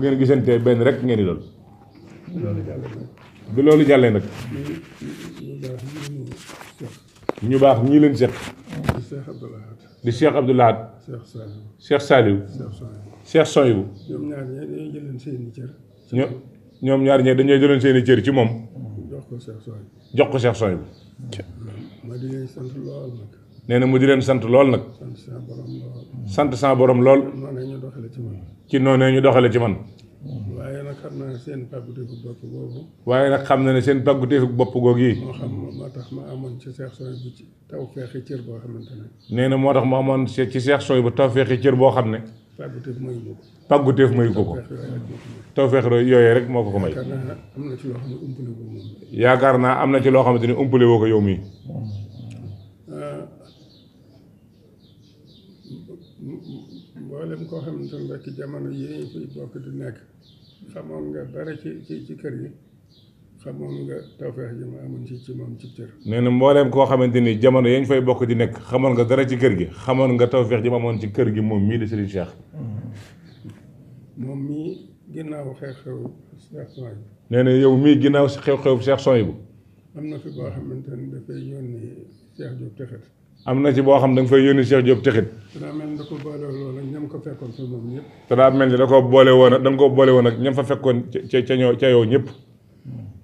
ngeen gisantee benn rek ngeen di lool bi loolu jàllee nag ñu baax ñii leen seq di Cheikh Abdoul Ahad Cheikh Saliou Cheikh Soybu ñoom ñaar ñee dañoo jëloon seeni cër ci moom jox ko Cheikh Soybu jox nee na mu di leen sant lool nag. sant sa borom lool. ci noonee ñu doxale ci man. waaye nag xam na seen waaye nag xam na ne seen pàgguteefu bopp googu yi. moo tax ma amoon ci Seex Sooy bu ci tawfeexi cër boo xamante ne. nee na moo tax ma amoon ci Seex Sooy bu tawfeexi cër boo xam ne. pàgguteef mayu ko ko. pàgguteef mayu ko yooyu rek moo ko ko may. yaakaar naa am na ci loo xamante ni umpale woo ko yow mii. Ah, mboolem koo xamante ne rek jamono yi fiy bokk du nekk xamoon nga dara ci ci ci kër gi xamoon nga tawfeex ji ma amoon ci ci moom ci cër. nee na mboolem koo xamante ni jamono yañ fay bokk di nekk xamoon nga dara ci kër gi xamoon nga tawfeex ji ma amoon ci kër gi moom mii di Serigne Cheikh. moom mii ginnaaw xew-xew Cheikh Soyibu. nee na yow mii ginnaaw xew-xew Cheikh Soyibu. am na fi boo xamante ne dafay yónni Cheikh Diop Texet. am na ci boo xam da nga fay yónni Cheikh Diop texit. daa mel ni da ko boole woon ak ñam ko fekkoon fi moom ñëpp. mel ni da koo boole woon ak da nga koo boole woon ak ñam fa fekkoon ca ca ñoo ca yow ñëpp.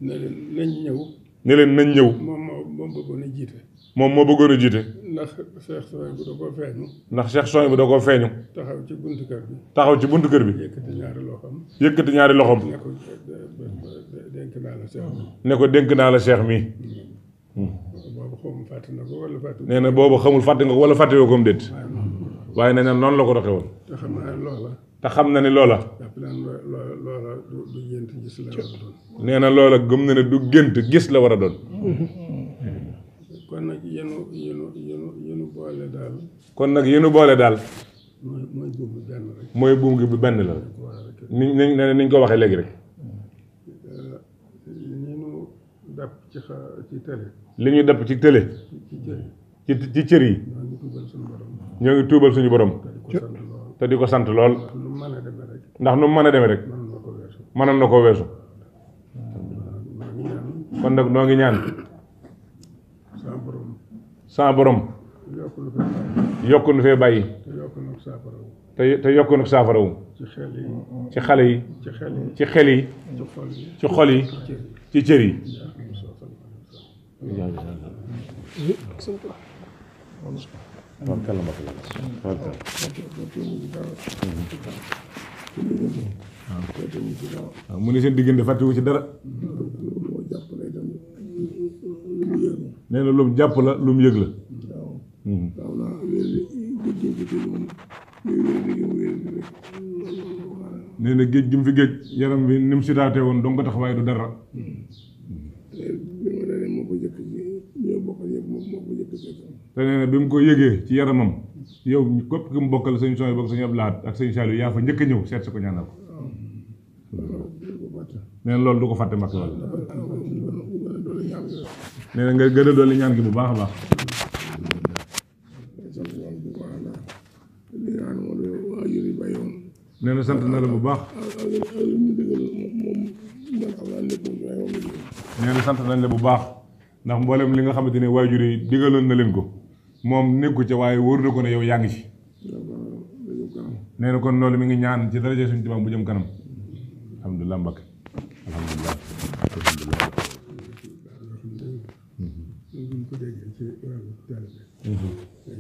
ne leen nañ ñëw. ne leen nañ ñëw. moom moo bëggoon jiite. moom moo bëggoon a jiite. ndax Cheikh Soy bu da koo feeñu. ndax Cheikh Soy bu da koo feeñu. taxaw ci buntu kër bi. taxaw ci buntu kër yëkkati ñaari loxoom. yëkkati ñaari loxoom. ne ko dénk naa la Cheikh mi. nee na boobu xamul fàtte nga ko wala fàtte woo ko mu déet waaye nee na noonu la ko doxee woon. te xam na ne loola. nee na loola gëm na ne du gént gis la war a doon. kon nag yéen yéen boole daal. mooy buum gi benn rek. mooy benn la. ni ñu ni ñu ko waxee léegi rek. dap ci ci télé li ñu dap ci télé ci ci cër yi ñoo ngi tuubal suñu borom te di sant lool ndax nu mën a rek mënoon na mana kon nag mana ngi ñaan sa borom yokku nu fee bàyyi te te yokku nu saafara wu ci xale yi ci xel yi ci xol yi ci yi waaw mu ne seen diggante fàttewu ci dara. nee na lum jàpp la mu yëg la. nee na géej gi mu fi géej yaram bi ni mu si daatee woon dong ko tax waaye du dara. te nee bi mu ko yëgee ci yaramam yow képp ki mu bokkal sëñ Sonia bokk sëñ laa Lahad ak sëñ Saliou yaa fa njëkk ñëw seet si ko ñaanal ko ah. nee na loolu du ko fàtte mbàkk wala ah. nee na gën a dolli ñaan bu baax a baax. nee na sant na bu baax. sant nañ la bu baax. Ah. ndax mboolem li nga xamante ne waajur yi digaloon na leen ko moom nekku ca waaye wóor na ko ne yaa ngi ci. nee na kon loolu mi ngi ñaan ci daraja suñu Tuubaa bu jëm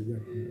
kanam